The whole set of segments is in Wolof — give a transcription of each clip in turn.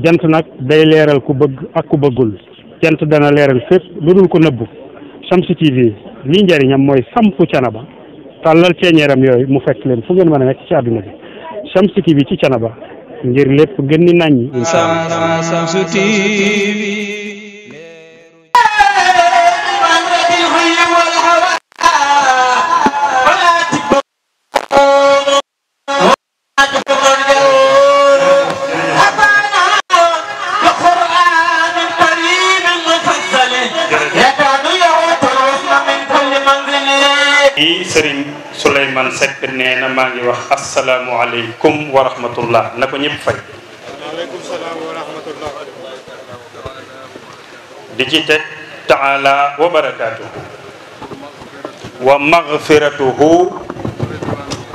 jant nag day leeral ku bëgg ak ku bëggul jant dana leeral fépp lu dul ko nëbbu Shamsu TV li njëriñam mooy sampu canaba tàllal ceeñeeram yooyu mu fekk leen fu ngeen mën a nekk ci àdduna bi Shamsu TV ci canaba ngir lépp gën ni naññ. سرين سليمان سكن نينا ماغي واخ السلام عليكم ورحمه الله نكو نيب فاي وعليكم السلام ورحمه الله وبركاته تعالى وبركاته ومغفرته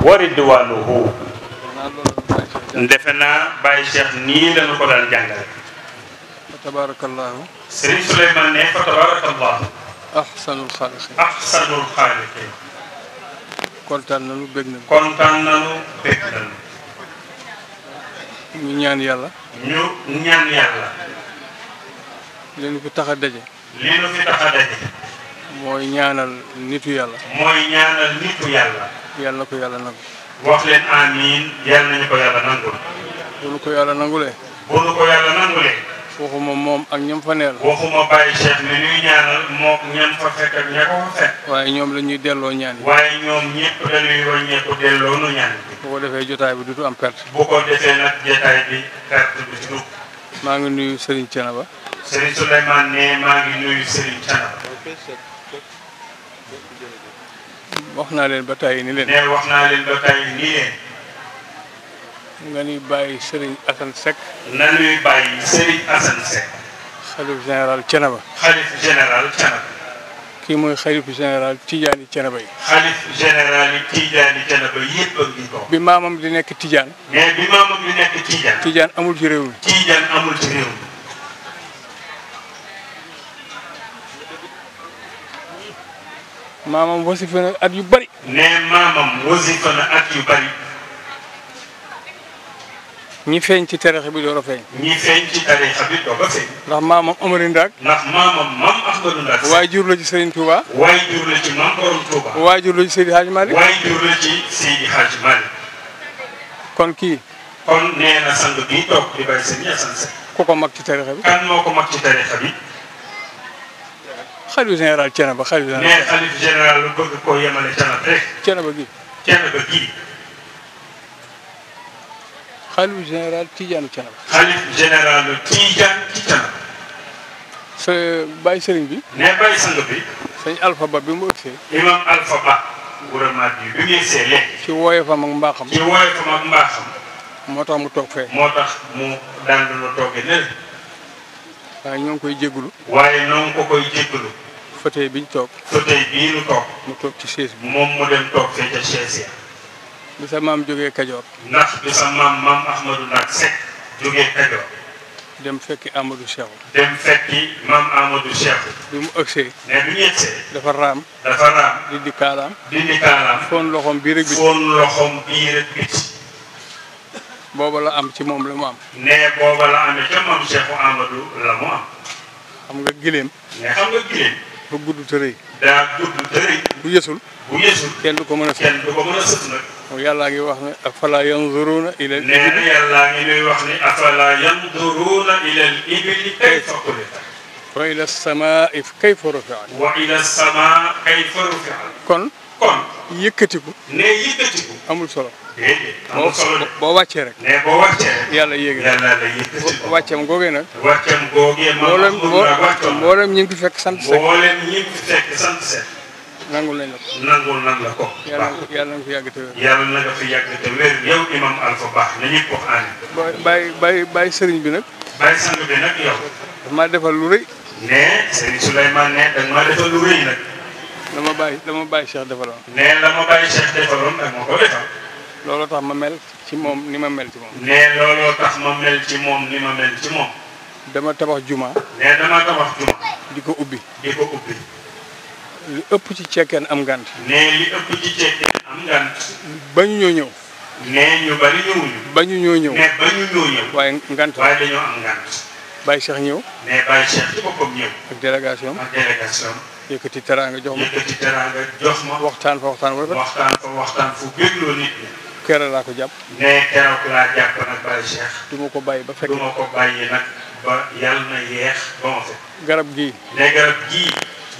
ورضوانه ندفنا باي شيخ ني لا نكو دال تبارك الله سرين سليمان نيفا تبارك الله احسن الخالقين احسن الخالقين kontaan nañu bég nañu. kontaan nañu bég nañu. ñu ñaan yàlla. ñu ñaan yàlla. li nu fi tax a daje. li nu fi tax a daje. mooy ñaanal nitu yàlla. mooy ñaanal nitu yàlla. yàlla na ko yàlla nangu. wax leen amiin yàlla nañu ko yàlla nangul. bu nu ko yàlla nangulee. bu nu ko yàlla nangulee. waxuma moom ak ñam fa neel waxuma bàyyi Cheikh mi ñuy ñaanal mook ñam fa fekk ak ña ko fa fekk waaye ñoom lañuy delloo ñaan yi waaye ñoom ñëpp dañuy wàññeeku delloo nu ñaan bi bu ko defee jotaay bi dutu am perte bu ko defee du ci maa ngi nuyu Serigne Thiénaba Serigne Souleymane ne maa ngi nuyu Serigne Thiénaba wax naa leen ba tàyyi ni leen ne wax naa leen ba tàyyi nii leen نغني باي سيرين حسن سك نالوي باي سيرين حسن سك خليف جنرال تيانبا خليف جنرال تيانبا كي موي خليف جنرال تيجاني تيانبا خليف جنرال تيجاني تيانبا ييب نغي بو بي مامام دي نيك تيجان مي بي مامام دي نيك تيجان تيجان امول جي ريو تيجان امول جي ريو مامام وصفنا اد يو بري ني مامام وصفنا اد يو بري ñi feeñ ci tarixa bi door a feeñ ñi feeñ ci tarixa bi doog a feeñ ndax maamam Amari Ndaak ndax maam Ahmadu Ndaak waajur la la ci maam Borom Touba waajur la ci Seydi Hadji Malick waajur la ci Seydi Hadji Malick kon kii kon nee na sang bii toog di bàyyi seen ñaasan se ku mag ci tarixa bi kan moo ko mag ci tarixa bi xalif général Thiénaba xalif général nee xalif général lu bëgg koo yemale gi xalif général Tidiane Thiam. xalif général Tidiane Thiam. sa bàyyi sëriñ bi. nee bàyyi sang bi. sëñ Alpha Ba bi mu ëgsee. imam Alpha Ba. gouvernement bi bi ngeen see léegi. ci woyofam ak mbaaxam. ci woyofam ak mbaaxam. moo tax mu toog fee. moo tax mu daan doon toogee ne. waaye ñoo ngi koy jégalu. waaye ñoo ngi ko koy jégalu. fauteuil bi toog. fauteuil bii ñu toog. mu toog ci chaise bi. moom mu dem toog fee ca chaise ya. bi maam jógee Kajoor. ndax bi maam maam Ahmadou Ndack Seck jógee Kajoor. dem fekki Amadou Cheikh. dem fekki maam Amadou Cheikh. bi mu ëgsee. mais bi ñu ëgsee. dafa raam. dafa raam. di kaalaam. di kaalaam. foon loxoom bii rek bi. foon loxoom bii rek bi. booba la am ci moom la mu am. ne booba la amee ca moom Cheikh Amadou la mu am. xam nga gileem. mais xam nga gileem. bu gudd tërëy daa gudd tërëy bu yësul bu yësul kenn du ko mën a sët kenn du ko mën a sët nag moom yàllaa ngi wax ne afala yanzuruna ila al ibli nee na yàllaa ngi lay wax ne afala yanzuruna ila al ibli kayfa xuliqat wa ila samai kayfa rufiat wa ila sama kayfa rufiat kon kon yëkkatiku ne yëkkatiku amul solo boo boo wàccee rek. mais boo yàlla la yàlla lay yëkkati. wàcceem googee nag. wàcceem googee mboolem mboolem ñu ngi fekk sant seet. mboolem ñu ngi fekk sant seet. nangul nañ la ko. nangul la ko. yàlla yàlla na ko yàgg te wér. yàlla na nga fi yàgg te wér yow imam Alpha baax na ñëpp wax amiin. sëriñ bi nag. bàyyi sang bi nag yow. daf maa defal lu rëy. mais sëriñ Souleymane ne da nga maa defal lu rëy nag. dama bàyyi dama bàyyi Cheikh defaloon. mais dama bàyyi Cheikh defaloon nag moo ko defal. Lolo tax ma mel ci mom ni ma mel ci mom ne lolo tax ma mel ci mom ni ma mel ci mom dama tabax juma. ne dama tabax juma. Diko ubi. ubbi. ubi. ubbi. li ëpp ci cieken am gant ne li ëpp ci cieken am gant bañu ñoo ñëw. ne ñu bari ñëwuñu. bañu ñoo ñëw. ne bañu ñoo ñëw. way gant way dañoo am gant bay Cheikh ñew ne bay Cheikh ci bokkum ñew ak délégation ak délégation. yëkkati teranga jox ma yëkkati teranga jox ma. waxtaan fa waxtaan waxtaan fa waxtaan fu bégloo nit keroog laa ko jàpp. nee keroog laa jàpp nag Baye Cheikh. du ma ko bàyyi ba fekk. du ko bàyyi nag ba yàlla na yeex ba ma garab gii. nee garab gii.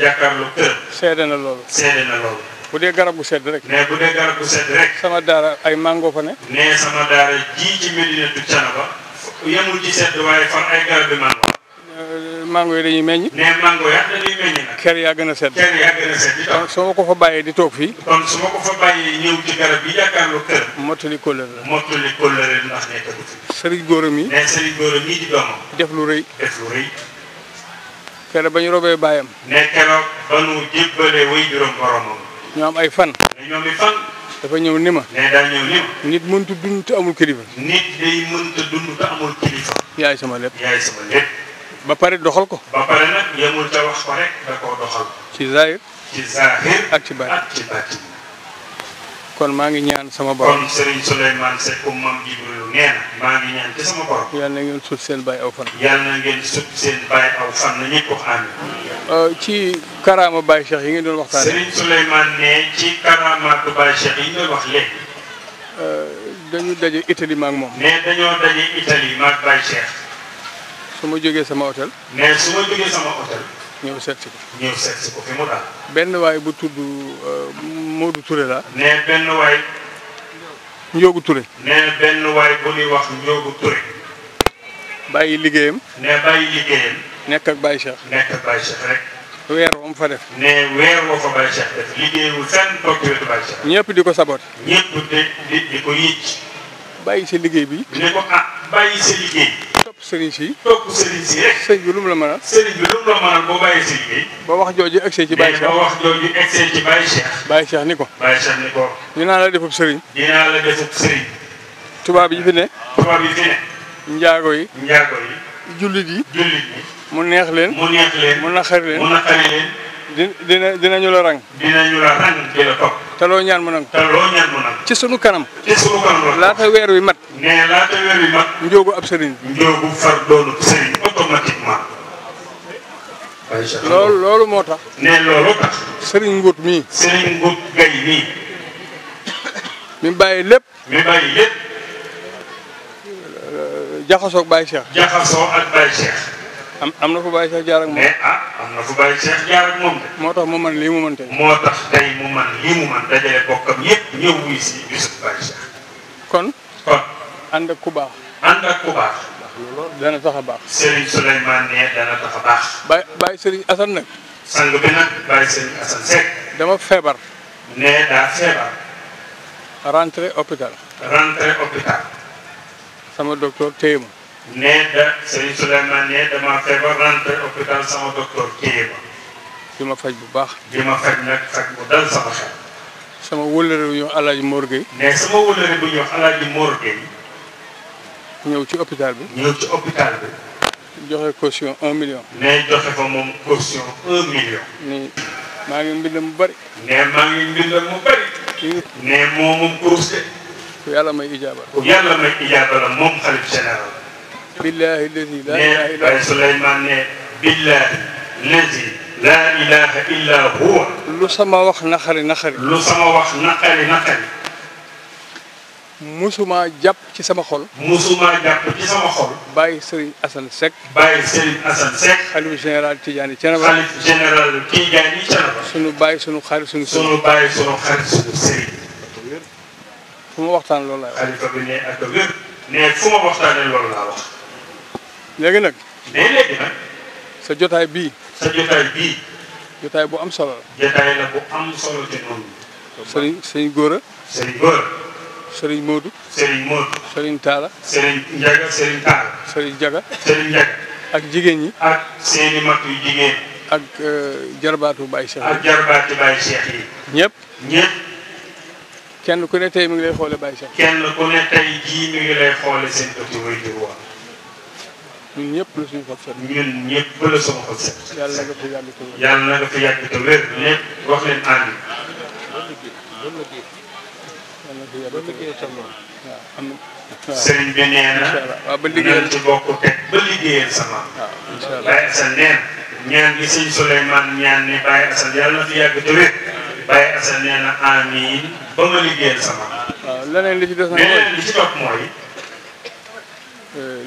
jàkkaarlu kër. seede na loolu. seede na loolu. bu dee garab gu sedd rek. nee bu dee garab gu sedd rek. sama daara ay mango fa ne. nee sama daara jii ci Medinatu Thiénaba. yemul ci sedd waaye fan ay garab bi Euh, mango yi dañuy meññ. nee mango ya dañuy ker yaa gën a sedd. ker yaa gën a sedd kon su ma ko fa bàyyee di toog fii. kon su ma ko fa bàyyee ñëw ci garab yi jàkkaarloo kër. mottali kóllëre la. ndax nekk fi. sëriñ góoram góoram yi def lu rëy. def lu robee bàyyam. nee keroog ba nu jébbalee way juróom boromam. ñu am ay fan. ñu dafa ñëw ni ma. nee daa ñëw ni nit mënut dund te amul kilifa. yaay sama lépp. ba pare doxal ko ba pare nak yamul ta wax ko rek da ko doxal ci zahir ci zahir ak ci bat ci bat kon ma ngi ñaan sama borom kon Serigne souleyman c'est comme mam Jibril neen ma ngi ñaan ci sama borom yalla na ngeen sut seen bàyyi aw fan yàlla ngeen sut seen bàyyi aw fan na ñëpp wax euh ci karama Baye Cheikh yi ngeen doon waxtaan Serigne souleyman ne ci karama ko Baye Cheikh yi ñu wax wax euh dañu dajé italy ma ak mom né dañu dajé italy ma ak Baye Cheikh su ma jógee sama hôtel. nee su ma jógee sama hôtel. ñëw seet si ko. ñëw seet si ko fi mu daal. benn waay bu tudd euh, Modou Touré la. nee benn waay. Ndiogu Touré. nee benn waay bu ñuy wax Ndiogu Touré. bàyyi liggéeyam. nee bàyyi liggéeyam. nekk ak Baye Cheikh. nekk ak Baye Cheikh rek. fa def. nee weer woo fa Baye ci ñëpp di ko sabote. ñëpp di ko yicc. bàyyi sa liggéey bi. ne ko ah bàyyi sa liggéey. topp sëriñ si. topp sëriñ si rek. sëriñ la mën a. sëriñ bi boo bàyyi sëriñ bi. wax jooju egsee ci Baye Cheikh ba wax jooju egsee ci Baye Cheikh. Baye Cheikh ni ko. Baye Cheikh ni ko. dinaa la defub sëriñ. dinaa la tubaab yi fi ne. njaago yi. njaago yi. jullit yi. mu neex leen. mu neex leen. mu leen. di dina dinañu la ñaan mu nangu. ci sunu kanam. ci sunu kanam laata weer wi mat. nee laata weer wi mat. njóogu ab sëriñ. njóogu far doonu sëriñ automatiquement. loolu loolu moo tax. nee loolu tax. sëriñ Ngout mii. sëriñ Ngout gay mii. mi bàyyi lépp. mi bàyyi lépp. am am na fu bàyyi Cheikh jaar ak mom mais ah am na fu bàyyi Cheikh jaar ak mom motax mo man lii mu man tey. motax tay mu man lii mu man dajale bokkam yep ñew wuy ci bisub baye Cheikh. kon. kon and ak ku baax. and ak ku baax. lolu dana taxa baax. Serigne souleyman ne dana taxa baax. baye bàyyi Serigne Assane nak sang bi nak baye Serigne Assane sek dama febar ne da febar rentrer hôpital. rentrer hôpital. sama docteur teyma ne da Serigne Souleymane hôpital sama docteur téye ma di ma faj bu baax di ma faj nag faj bu dal sama xel sama wëllëre bu ñu wax alaaji Mor Gueye ne sama wëllëre bu ñu wax alaaji ñëw ci hôpital bi ñëw ci hôpital bi joxe caution un million ne joxe fa moom caution un million ni maa ngi mbind mu bari ne maa ngi mbind mu bari ne moom moom kurus de yàlla may ijaaba yàlla may ijaaba moom xalif général بالله الذي لا نعم، اله الا سليمان نعم. بالله الذي لا اله الا هو لو سما واخ نخري نخري لو سما واخ نخري نخري موسوما جاب سي سما خول موسوما جاب سي سما خول باي سيري حسن سك باي سيري حسن سك خالو جنرال تيجاني تيانبا خالو جنرال تيجاني تيانبا سونو باي سونو خاري سونو سونو باي سونو خاري سونو سيري فما واختان لولا خالو كابيني اكو وير ني نعم، فما واختان لولا واخ léegi nag. léegi nag. sa jotaay bii. sa jotaay bii. jotaay bu am solo la. jotaay la bu am solo te noonu. sëriñ sëriñ Gora. sëriñ Gora. sëriñ Modou. sëriñ Modou. sëriñ Talla. sëriñ Ndiaga sëriñ Talla. sëriñ Ndiaga. sëriñ Ndiaga. ak jigéen ñi. ak seeni mag yu jigéen. ak euh, jarbaatu Baye Cheikh. ak jarbaatu Baye Cheikh yi. ñëpp. ñëpp. kenn ku ne tey mi ngi lay xoole Baye Cheikh. kenn ku ne tey jii mi ngi lay xoole seen ëtt way di ñun ñëpp la suñu xol set. ñun ñëpp la sama xol set. yàlla nga fi yàgg te yàlla nga fi yàgg te wér. lépp wax leen sama. waaw Baye Assane neen. ñaan gi ni Baye Assane yàlla na dia sama. waaw leneen li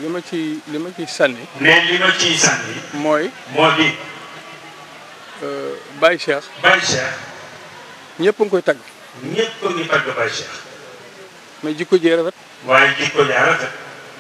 li ma ci li ma ciy sànni. nee li ma ciy sànni. mooy. moo di. Baye Cheikh. Baye Cheikh. ñëpp a ngi koy tagg. ñëpp a ngi tagg Baye Cheikh. mais jikko jee rafet. waaye jikko jee rafet.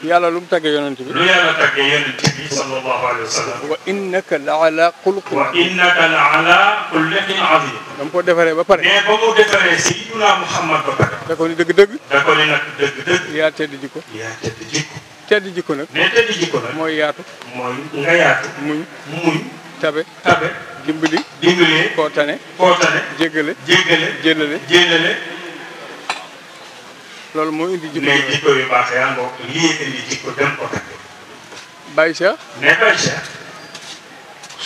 yàlla lu mu tàggee yonent bi. lu yàlla tàggee yonent bi sallallahu alayhi wa sallam. wa innaka la ala xuluqin. wa innaka la ala xuluqin azim. da nga ko defaree ba pare. mais ba mu defaree Seydina Muhammad ba pare. da ko ni dëgg-dëgg. da ko ni nag dëgg-dëgg. yaa tedd jikko. yaa tedd jikko. tedd jikko nag. mais tedd jikko mooy yaatu. mooy nga yaatu. muñ muñ. tabe tabe. dimbali. dimbali koo tane. jéggale. jéggale jëlale loolu moo indi jikko yu jikko yu baax yaa ngoog lii indi jikko dem ko takk. Baye Cheikh. mais Baye Cheikh.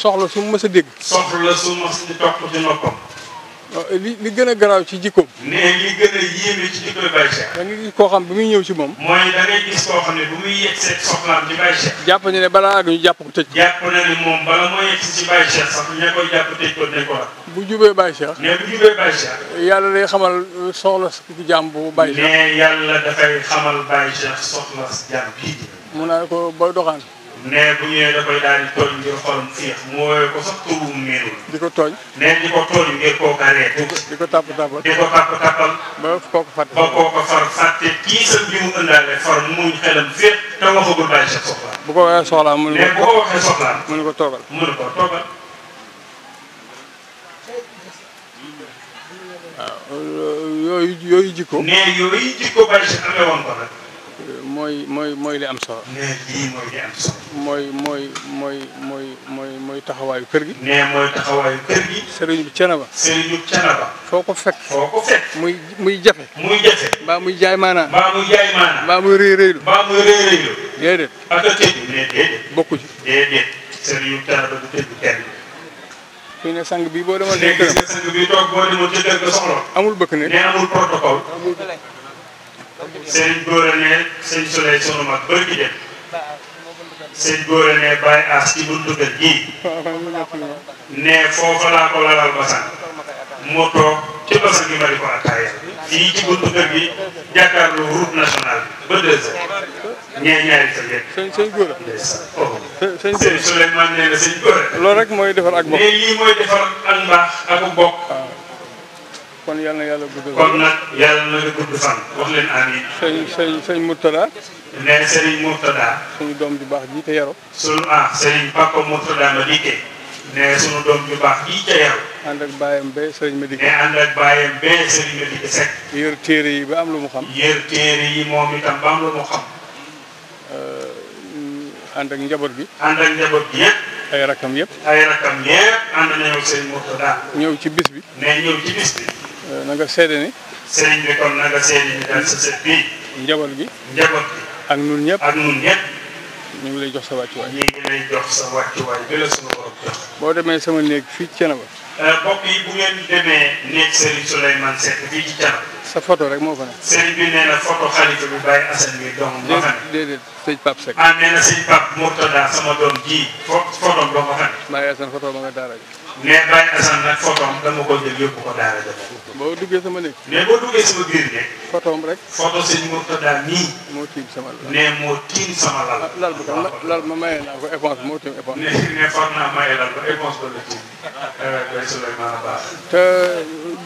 soxla su mu mës a dégg. soxla su mu mës a topp ci noppam. Euh, li li gën a garaaw ci jikko ne li gën a yéeme ci jikkoy Baye Cheikh. da gis koo xam bi muy ñëw ci moom. mooy da gis koo xam ne bu muy yegg seeg soxnaam ci Baye Cheikh. jàpp na ne balaa àgg jàpp ko tëj. moom bala moo yegg si ci Baye Cheikh sax ña koy jàpp tëj ko dinañ ko bu jubee Baye Cheikh. ne bu jubee Baye Cheikh. yàlla day xamal soxla jaam bu Baye Cheikh. ne yàlla dafay xamal Baye Cheikh soxla jaam bii. mu naa ko booy doxaan. ne bu ñëwee da koy daal di tooñ mu woowee mu ëndaale ko waxee mu ne ko toogal mu ne ko toogal. yooyu jikko. ne yooyu jikko bàyyi sa amee ko nag. mooy mooy mooy li am solo. mooy mooy mooy mooy mooy mooy mooy taxawaayu kër gi. nee mooy sëriñ bi canaba. sëriñ bi canaba. foo ko fekk. muy muy jafe. muy jafe. mbaa muy jaay maanaa. mbaa muy jaay maanaa. mbaa muy rëy rëylu. mbaa muy rëy rëylu. déedéet. ak a tëdd. déedéet. bokku bi canaba ne sang bi boo demoon. léegi sang bi toog boo ne. amul protocole. sëriñ góor a ne sëñ Souley sunu mag bëri ki ne bàyyi aas ci buntu kër ne foofa laa ko lalal moo toog ci basan gi ma di ko attaaya ci buntu kër gi jàkkaarloo route nationale bi ba deux heures ñee ñaari sa oh. rek mooy defar ak mbokk kon yal na yàlla gudd fan. nag yàlla na gudd fan wax leen amiin. sëñ sëñ sëñ Murtada. nee sëñ suñu doom ju baax ji te yaru. suñu ah sëñ Papa Murtada ma dikkee. nee suñu doom ju baax ji te yaru. ànd ak bàyyam bee sëriñ Madické. nee ànd yër téere yi ba am lu mu xam. yër téere yi moom itam ba am lu mu xam. ànd ak njaboot bi. ànd ak njaboot bi yëpp. ay rakam yëpp. ànd nañu ak sëriñ Murtada. ñëw ci bis bi. nee ñëw ci bis bi. Eh, na nga seede ni. sëriñ bi kon na nga seede ni daal sa sët bii. njaboot gi njaboot gi. ak nun ñëpp ak nun ñëpp. ñu ngi lay jox sa wàccuwaay. ñu ngi lay jox sa wàccuwaay bi la suñu borom boo demee sama néeg fii ci Thiénaba. Eh, mbokk yi bu ngeen demee néeg Serigne Souleymane Seck fii ci Thiénaba. sa photo rek moo fa nekk. sëriñ bi nee na photo xalifa bi Baye Assane bi doom moo fa nekk. déedéet sëñ Pape Seck. ah nee na sëñ Pape Mourtada sama doom ji photo am bu kan ah, lal ma maye moo tiim éponge. nee nee far naa la tiim. Baye eh, Souleymane Ba.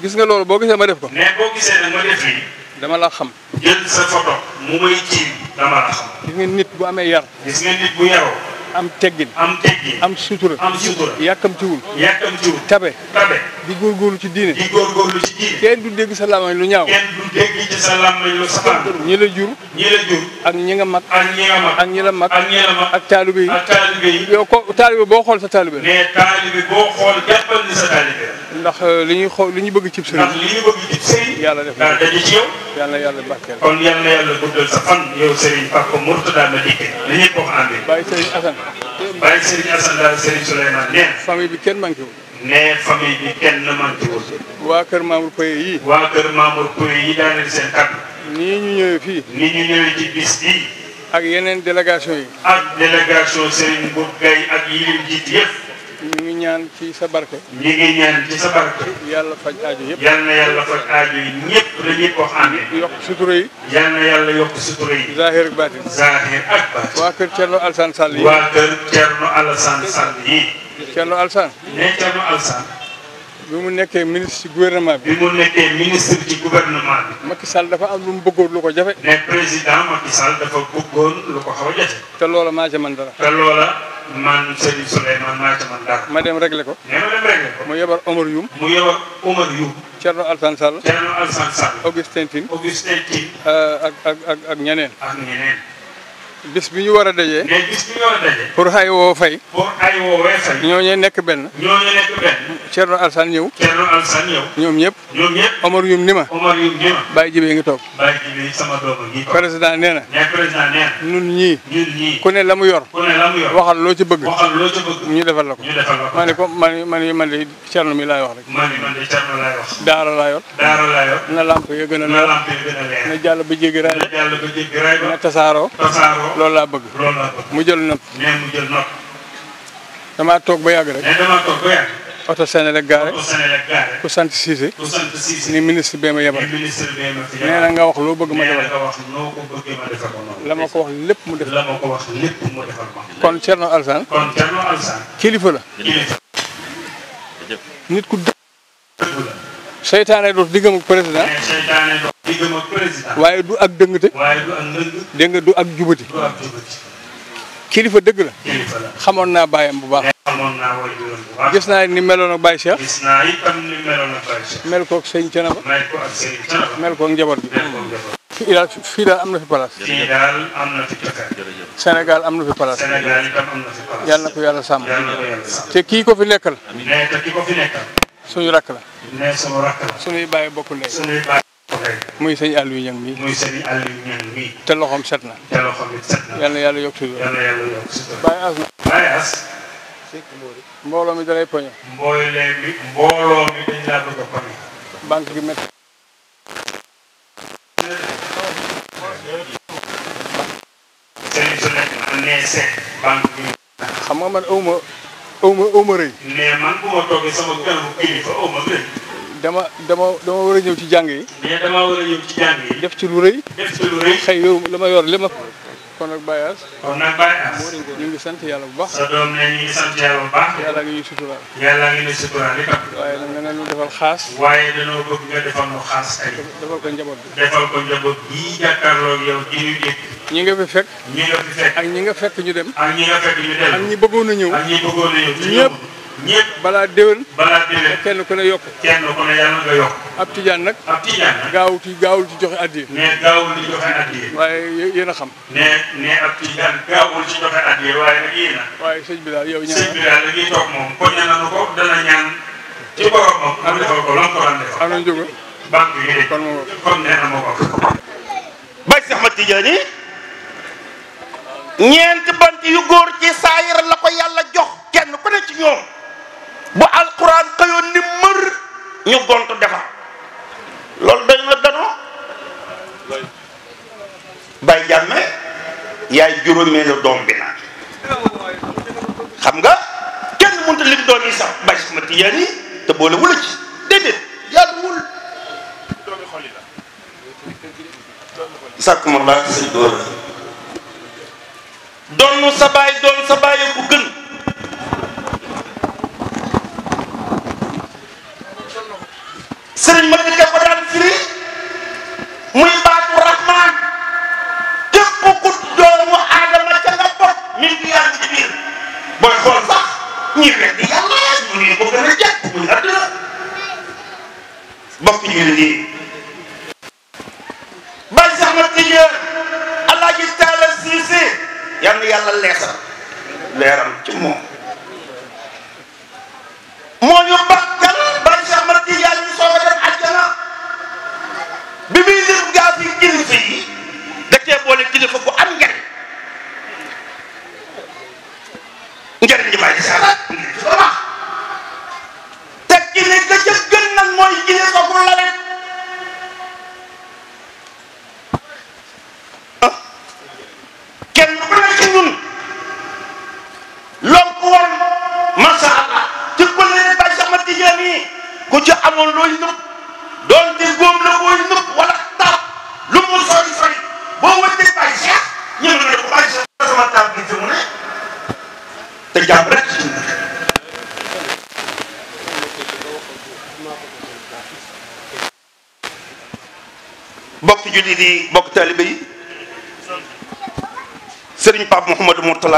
gis nga loolu boo gisee ma def ko. mais boo gisee nag ma def lii. dama la xam. jël sa photo mu may ci dama la xam. gis nga nit bu amee yar. gis nga nit bu yaroo. am teggin am teggin am sutura am sutura yàkkamtiwul yàkkamtiwul tabe di góorgóorlu ci ci diine kenn du dégg sa làmmañ lu ñaaw kenn du dégg ci sa làmmañ lu safaan ñi la jur ak ñi nga mag ak ñi nga mag ak ñi la mag ak ñi la mag ak taalibe yi yow ko taalibe boo xool sa taalibe mais taalibe boo xool jàppal ni sa taalibe ndax euh, li ñuy xool li ñu bëgg cib sëriñ ndax li ñu bëgg cib sëriñ yàlla def na daje ci yow yàlla yàlla barkeel kon yàlla yàlla guddal sa fan yow sëriñ Papa Mourtada Madické li bàyyi Serigne Assane daal Serigne Souleymane nee na. famille bi kenn manqué wul. nee bi kenn manqué waa kër Mamour Poye yi. waa kër Mamour Poye yi daanaka seen kàddu. nii ñu ñëwee fii. nii ñu ñëwee ci bis bii. ak yeneen délégation yi. ak délégation Serigne Mboup Gaye ak yi leen jiit yëpp. ñu ngi ñaan ci sa barke. ñu ngi ñaan ci sa barke. yàlla faj aajo yëpp. yal na yàlla faj aajo yi ñëpp dañuy ko amee. yokk sutura yi. yal na yàlla yokk sutura yi. zahir ak baatin. zahir ak baatin. waa kër Thierno Alassane Sall yi. waa kër Thierno Alassane Sall bi mu nekkee ministre ci gouvernement bi. bi mu nekkee ministre ci gouvernement bi. Macky Sall dafa am lu mu bëggoon lu ko jafe. ne président Macky Sall dafa bëggoon lu ko xaw a jafe. te loola maa ca man Serigne Souleymane maa ca man dara. ma dem réglé ko. nee ma dem réglé ko. mu yebal Omar Youm. mu yebal Omar Youm. Thierno Alassane Sall. Thierno Alassane Sall. Augustin Tine. Augustin Tine. Euh, ak ak ak ak ñeneen. ak ñeneen. bis bi ñu war a dajee. mais bis bi pour ay woo fay. pour nekk benn. ñooñu nekk benn. Thierno ñëw. ñëw. ñoom ñëpp. ñoom ñëpp. Omar ni ma. Omar Youm ngi toog. Baye Jibé sama doom ngi toog. président nee na. ñii. ñun ne la mu yor. ku waxal loo ci bëgg. waxal loo ci bëgg. ñu defal la ko. man man man mi laay wax rek. man man yor. na lamp yi gën a leer. na lamp yi gën a leer. na jàll ba jéggi raay. na jàll loolu laa bëgg. laa bëgg mu jël nopp. nee mu jël nopp. damaa toog ba yàgg rek. nee damaa toog ba yàgg. ku sant Cissé. ni ministre bee ma yebal. nee nga wax loo bëgg ma defal. la ma ko wax lépp mu defal. la kon Thierno Alassane. kilifa la. nit ku dëgg. dëgg la. seytaane président. waaye du ak dëngte. dëng. du ak jubati. kilifa dëgg la. xamoon naa bàyyam bu baax. xamoon naa waajuram ni meloon ak Baye Cheikh. gis naa ak Baye Cheikh. mel koog sëñ Canaba. mel koog ak sëñ bi. fii daal am na fi place. fii am na fi place. Sénégal na ko yàlla sàmm. te kii ko fi nekkal. nee suñu rakk la. suñu bàyyi bokkul léegi. muy sëñ Aliou Niang mii. mii. te loxoom set na. te loxoom yal na yàlla yokk si doon. yal As na. Baye As. mbooloo mi dalay poñe. mbooloo mi mbooloo mi banque gi métti. sëñ man nee seet rëy. dama dama dama war a ñëw ci jàng yi. a ñëw def ci lu rëy. def ci lu rëy xëy yow li ma yor li ma. kon nag Baye ñu ngi sant yàlla bu baax. sa doom ne ñu ngi sant yàlla bu baax. yàlla ngi ñuy suturaal. yàlla ngi ñuy suturaal itam. waaye ne ñu defal xaas. waaye danoo bëgg nga defal mu xaas tey. defal ko njaboot bi. defal ko njaboot bii jàkkaarloo ak yow di ñu ñi nga fi fekk. ñi nga fi ñu dem. ak ñi nga fekk ñu dem. ak ñi bëggoon a ñëw. a ñëpp balaa déwén balaa déwén kenn ku ne yokk kenn ku ne yàlla nga yokk ab tijaan nag ab tijaan gaawul ci gaawul ci joxe addiye mais gaawul ci joxe addiye waaye yéen xam ne ne ab tijaan gaawul ci joxe addiye waaye nag yéen a waaye sëñ yow ñaan sëñ bi daal la ñuy toog moom ko ñaanal ko ñaan ci borom am ko ko am na yi kon ko bay Tidiane bant yu ci la ko jox kenn ku ne ci ñoom bu alquran xëyoon ni mër ñu gontu defar loolu dañ la danoo bay jàmme yaay juróomeelu doom bi naan xam nga kenn mënta lim doon yi sax bay sama tiyaan yi te boole wula ci déedéet yàgguwul sàkk ma laa sëñ doon doonu sa doon sa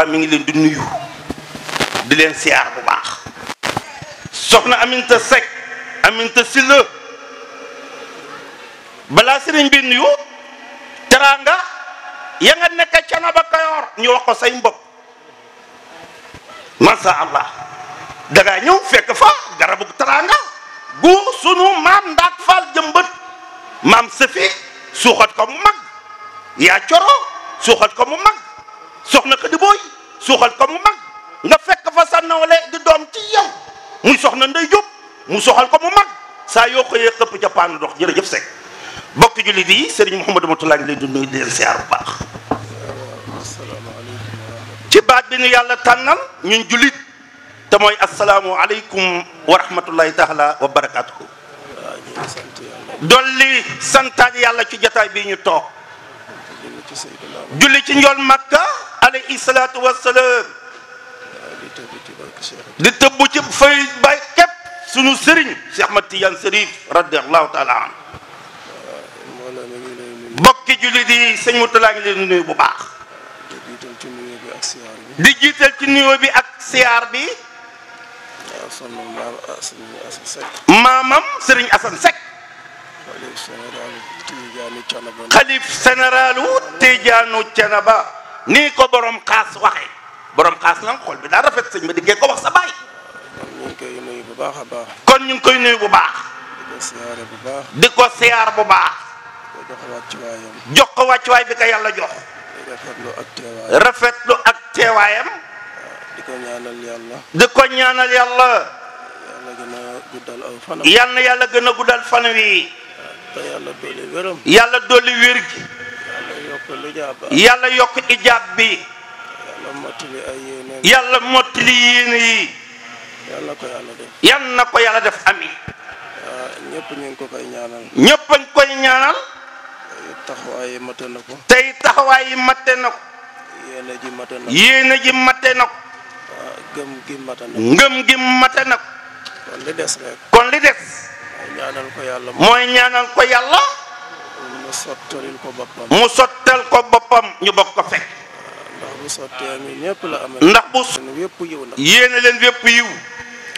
mi ngi len di nuyu di len siar bu baax soxna Aminta sek, Aminta silo. bala serigne bi nuyu teranga ya nga na ba kayor ñu wax ko say ma sha Allah nga ñu fekk fa garabu teranga bu sunu mam ndak fal mam sefi suxat ko mag ya coro suxat ko mu mag soxna ko di suuxal ko mu mag nga fekk fa sa nawle di doom ci muy soxna Ndey Jóob mu soxal ko mu mag saa yoo xëyee xëpp ca paanu dox jërëjëf Seck bokk jullit yi Serigne Mouhamadou Moutalla ngi leen di nuyu di leen siyaar bu baax ci baat bi nu yàlla tànnal ñun jullit te mooy asalaamualeykum wa rahmatullahi taala wa barakaatuhu dolli santaat yàlla ci jotaay bi ñu toog julli ci njool makka alayhi salaatu wassalaam di tëbb ci fay bay képp sunu sëriñ Cheikh Ahmad Tidiane Serif radiyallahu taala an bokki jullit yi sëñ Moutalla ngi leen nuyu bu baax di jiital ci nuyoo bi ak siyaar bi maamam sëriñ Assane Seck xalif généralu Tijaanu Canaba nii ko borom xaas waxe borom xaas la xool bi daal rafet sëñ ma di diggee ko wax sa baay. ñu bu baax a baax. kon ñu ngi koy nuy bu baax. di ko siyaare bu baax. di ko siyaar bu baax. jox ko wàccuwaayam. wàccuwaay bi ka yàlla jox. rafetlu ak teewaayam. ak teewaayam. di ko ñaanal yàlla. di ko ñaanal yàlla. gën a guddal aw fanam. wi. yàlla dolli wér gi. yàlla yokk ijaab bi yàlla mottali yéene yi yan na ko yàlla def ami ñëpp ñu ngi ko koy ñaanal ñëpp a ngi koy ñaanal taxawaay yi na ko tey taxawaay yi matte na ko yéene ji mate na ko yéene ji mate ngëm gi mate na ko kon li des rek kon li des mooy ñaanal ko yàlla mooy ñaanal ko yàlla mu sottalil ko boppam. mu sottal ko boppam ñu bokk ko fekk. ndax bu sottee ñun ñëpp la amee. ndax bu yéene leen wépp yiw.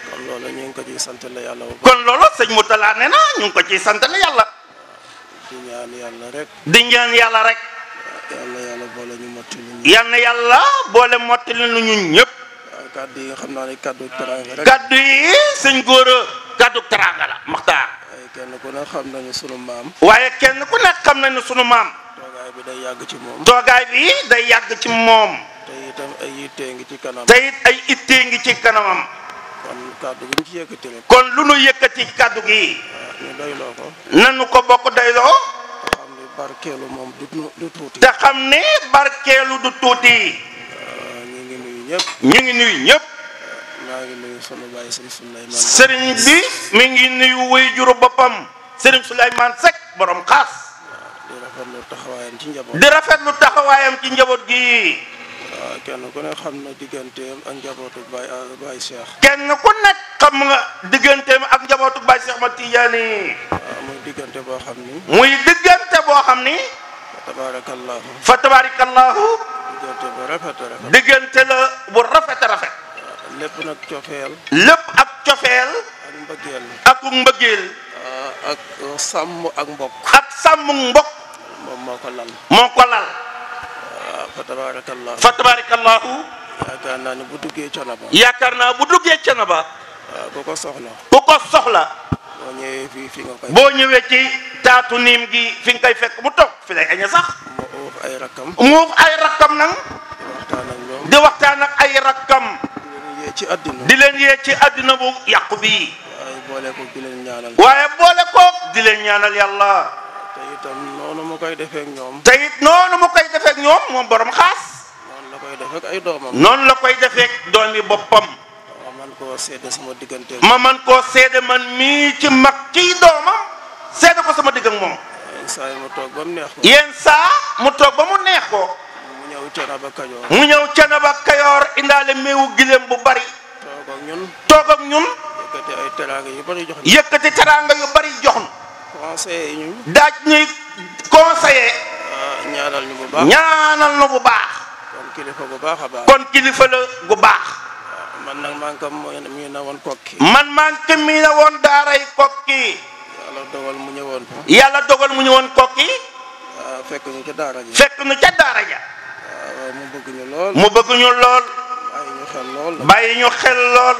kon loolu ñu ngi ko sant la yàlla. kon loolu sëñ Moutala na ñu ko ci sant la yàlla. di ñaan yàlla rek. yàlla rek. yàlla boole ñu mottali ñu. yàlla yàlla boole mottali ñu ñun ñëpp. kaddu yi xam naa ne kaddu teraanga rek. kaddu yi sëñ góor kaddu teraanga la waaye kenn ku ne xam nañu sunu maam. waaye kenn ku ne xam nañu sunu maam. toogaay bi day yàgg ci moom. toogaay bi day yàgg ci moom. te itam ay ittee ngi ci kanam. te it ngi ci kanamam. kon kàddu gi kon lu nu yëkkati kàddu gi. ñu doyloo ko. nanu ko bokk doyloo. te xam ne barkeelu du tuuti. te xam ne barkeelu du tuuti. ñu ngi nuyu ñëpp. sëriñ bi mi ngi nuyu way juru boppam sëriñ Souleymane borom xaas di rafetlu taxawaayam ci njaboot di rafetlu taxawaayam ci njaboot gi. waaw kenn ku ne xam na digganteem ak njabootu Baye Baye Cheikh. kenn ku nekk xam nga digganteem ak njabootu Baye Cheikh ma Tidiane. waaw muy diggante boo xam bo muy diggante ni. fa tabaarakallahu. fa tabaarakallahu. diggante bu rafet rafet. diggante la bu rafet rafet. lépp nag cofeel. lépp ak cofeel. ak mbëggeel. ak mbëggeel. Ah, euh, ak sàmm ak mbok ak sàmm mbok moom moo ko lal. moo ko lal. Ah, fa tabarakallahu fa tabarakallahu naa ne bu duggee canaba. yaakaar naa bu duggee canaba. Ah, ku ko soxla. ku boo ñëwee fi nga ci taatu niim gi fi nga fekk mu toog fi lay aña sax. mu uuf ay rakkam. mu uuf waxtaan ak ay rakkam. ci àddina. di leen yee ci àddina bu yàqu bi waaye boole ko di leen ñaanal. waaye boole ko di leen ñaanal yàlla. te itam noonu mu koy defeek ñoom. te it noonu mu koy defee ñoom moom boroom xaas. noonu la koy defeek ay doomam. noonu la koy defee ak doomi boppam. ma man koo seede sama diggante ma man koo seede man mii ci mag ciy doomam seede ko sama digg moom. yenn saa mu neex ko. saa mu toog ba mu neex ko. mu ñëw Thiénaba Kajoor indaale méewu gileem bu bari toog ak ñun toog ak yu bari jox yëkkati teraanga yu jox conseiller ñu daaj ñuy conseiller ah, ñaanal ñu bu baax ñaanal ñu baax kon kilifa bu baax a baax kon kilifa la gu baax ah, man nag maa ngi ko mii woon man maa ngi ko woon daaray kokki yàlla dogal mu ñëwoon yàlla dogal mu ñëwoon kokki ah, fekk ñu ca daara ja mu bëgg ñu lool mu bëgg ñu lool. bàyyi ñu xel lool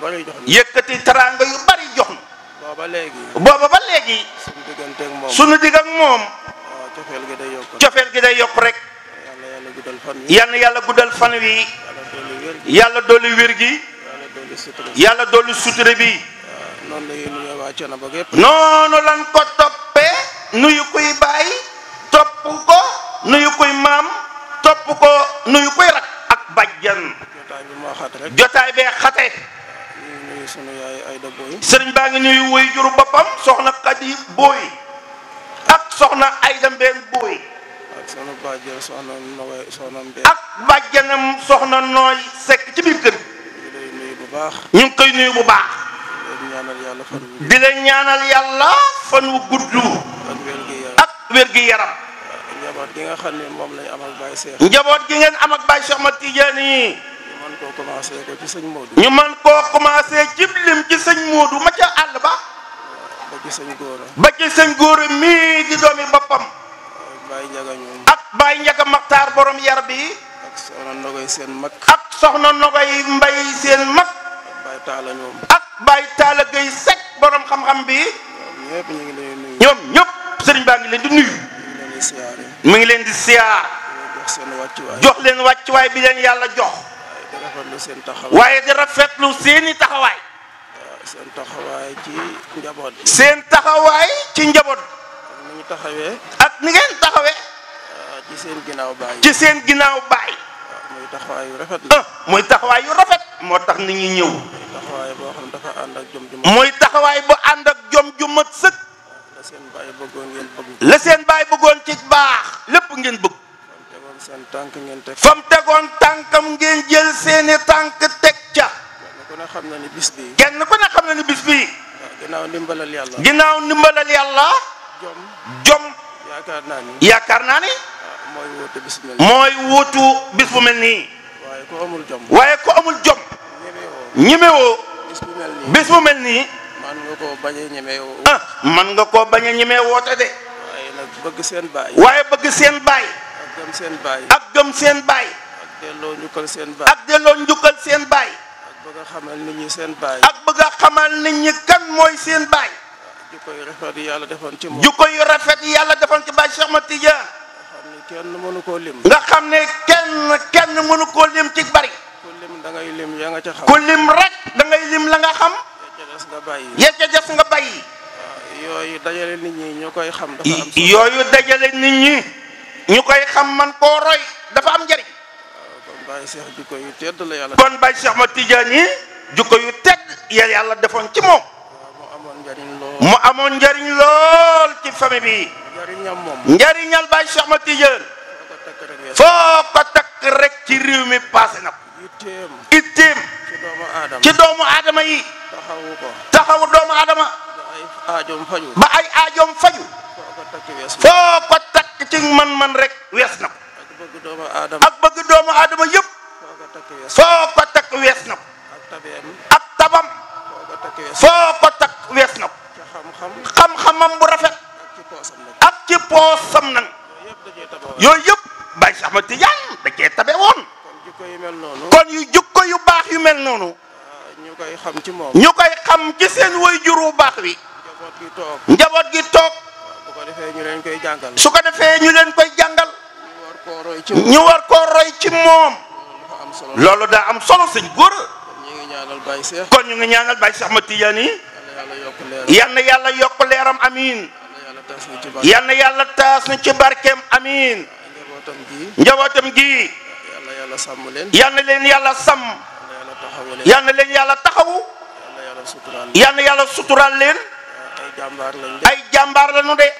bàyyi ñu xel lool. yëkkati teraanga yu bari jox ñu. yëkkati teraanga yu bari jox booba léegi. ba léegi. suñu diggante ak moom suñu digg ak moom. cofeel gi day yokk rek cofeel gi day yokk rek. yàlla yàlla guddal fan wi. yàlla yàlla guddal wi. yàlla dolli wér gi. yàlla dolli suture bi. noonu la ñuy nuyoo waa Thiénaba gépp. noonu lan ko toppee nuyu kuy bàyyi topp ko nuyu kuy maam. topp ko nuyu koy rak ak bàjjan jotaay bee xate sëriñ baa ngi nuyu woy juru boppam soxna Xadi Booy ak soxna Ayda Mbeen Booy ak bàjjanam soxna nooy sekk ci biir kër ñu ngi koy nuyu bu baax di leen ñaanal yàlla fan wu gudd ak wér gi yaram njaboot gi xam ne moom lañ am gi ngeen am ak Baye Cheikh Ahmad Tidiane yi. ñu mën koo commencé ko ci sëñ Modou. ñu mën koo commencé ci lim ci sëñ Modou ma ca àll ba. ba ci sëñ Gora. ba ci sëñ Gora mii di doomi boppam. Baye Ndiaga ñoom. ak Baye Ndiaga Maxtaar boroom yar bi. ak soxna Ndogoy seen mag. ak soxna Ndogoy Mbay seen mag. ak Baye Talla ñoom. ak Baye xam-xam bi. ñoom ñëpp ñu baa ngi leen di nuyu. mu ngi leen di siyaar jox leen wàccuwaay bi leen yàlla jox waaye di rafetlu seeni taxawaay seen taxawaay ci njaboot seen taxawaay ci njaboot ni taxawee ak ni ngeen taxawee ci seen ginnaaw baay ci seen ginnaaw baay muy taxawaay yu rafet la ah, muy taxawaay yu rafet moo tax ni ñi ñëw mooy taxawaay boo xam dafa ànd ak jom ju sëkk la seen baay bëggoon ci baax lépp ngeen bëgg fam tegoon tànkam ngeen jël seeni tànk teg ca kenn ku xam na ni bis bi kenn ku ne xam na ni bis bi ginnaaw ndimbalal yàlla ginnaaw ndimbalal yàlla jom jom yaakaar naa ni yaakaar naa ni ah, mooy wóotu bis bu mel nii mooy wóotu bis bu mel nii waaye ku amul jom waaye bis bu mel nii koo bañ a ñemee woo. ah man nga koo bañ a ñemee woote de. waaye bëgg seen baay. waaye bëgg seen baay. ak gëm seen baay. ak gëm seen baay. ak delloo njukkal seen baay. ak delloo njukkal seen baay. ak bëgg a xamal nit seen baay. ak bëgg a xamal ñi kan mooy seen baay. Ah, jukko yu rafet yàlla defoon ci moom. jukko yu yàlla defoon ci Baye Cheikh Ahmed Tidiane. nga xam ne koo lim. nga xam ne kenn kenn mënu koo lim ci bari. ku lim ngay lim yaa nga ca rek da lim la nga xam. des nga bàyyi. ya ca des nga bàyyi. Ah, yooyu dajale nit ñi ñu koy xam. dafa am yooyu dajale nit ñi ñu koy xam man koo roy dafa am njariñ. Ah, kon Baye Cheikh jikko yu tedd la yàlla. kon Baye Cheikh ma Tidiane yi yu tedd ya yàlla defon ci moom. Ah, mu amoon njariñ lool ci famille bi. njariñam moom njariñal Baye Cheikh ma Tidiane. foo ko takk rek ci réew mi passé na ko. itteem ci doomu aadama yi. taxawu ko taxawu doomu aadama ba ay aajoom faju foo ko takk ci man-man rek wees na ko ak bëgg doomu adama yëpp foo ko takk wees na ak tabam foo ko takk wees na xam-xamam bu rafet ak ci poosam nag yooyu yëpp Baay Seex Ahmad da cee tabe woon kon yu jikko yu baax yu mel noonu ñu xam ci seen way juru bax wi njabot gi tok suko defé ñu leen koy jangal ñu war ko roy ci mom lolu da am solo señ goor kon ñu ngi ñaanal bay Cheikh Ahmed Tidiane yalla yal na leeram amin yalla yalla tass na ci barkem amin njabotam gi yal na yalla yàlla sàmm yal yalla leen yalla taxawu yal na yàlla suturaal leen. Ah, ay jàmbaar lañu de. ay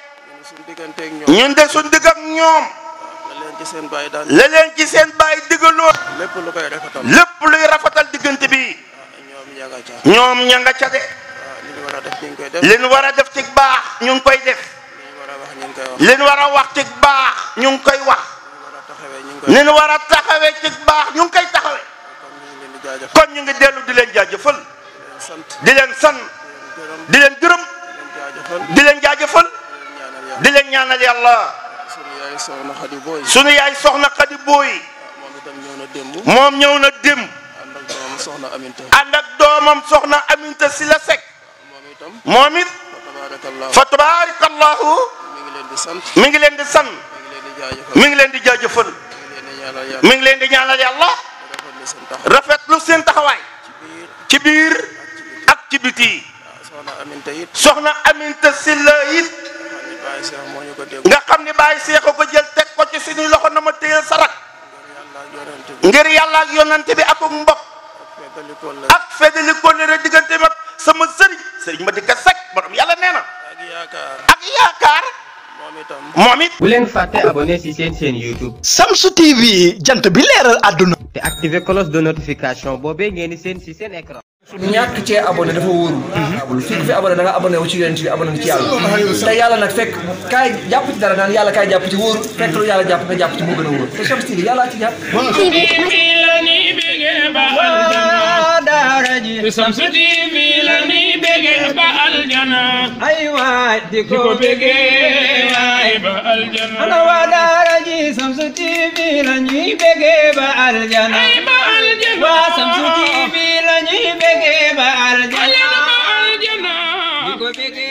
jàmbaar lañu de. ñun de suñu digg ak ñoom. la leen ci seen baay daan la leen ci seen baay digaloon. lépp lu koy rafetal lépp luy rafetal diggante bi. Ah, ñoom ña nga ca de. Ah, li ñu war a def ñu koy def. li ñu war a def ci baax ñu ngi koy def. li ñu war a wax ci baax ñu ngi koy wax. li ñu war a taxawee ci baax ñu ngi koy taxawee. kon ñu ngi dellu di leen jaajëfal. di leen sant di leen gërëm di leen jaajëfal di leen ñaanal yàlla sunu yaay soxna Xadi Booy moom ñëw na démb ànd ak doomam soxna Aminta si la sek moom it fa tabaarakallahu mi ngi leen di sant mi ngi leen di jaajëfal mi ngi leen di ñaanal yàlla rafetlu seen taxawaay ci ci biti. soxna Aminta it. soxna Aminta Sylla it. nga xam ne Baye Seex ko jël teg ko ci suñuy loxo na ma téyel sarak. ngir yàlla ak yonante bi ak mbokk. ak feddali kóllëre diggante ma sama sëriñ sëriñ ma di ko sec borom yàlla nee na. ak yaakaar. moom it. bu leen fàtte abonné ci seen seen YouTube. Samsu TV jant bi leeral àdduna. te activer cloche de notification boobee ngeen seen ci seen écran. ñàkk cee abonné dafa wóorul. abonné fii ku fi abonné da nga abonné wu ci yonent bi abonné ci yàlla. te yàlla nag fekk kaay jàpp ci dara naan yàlla kaay jàpp ci wóorul. fekk lu yàlla jàpp nga jàpp ci moo a wóor te Shamsu TV yàllaa ci jàpp. Shamsu TV la ni bégee waa daara ji Shamsu TV la ñuy bégee bëggee ba aljana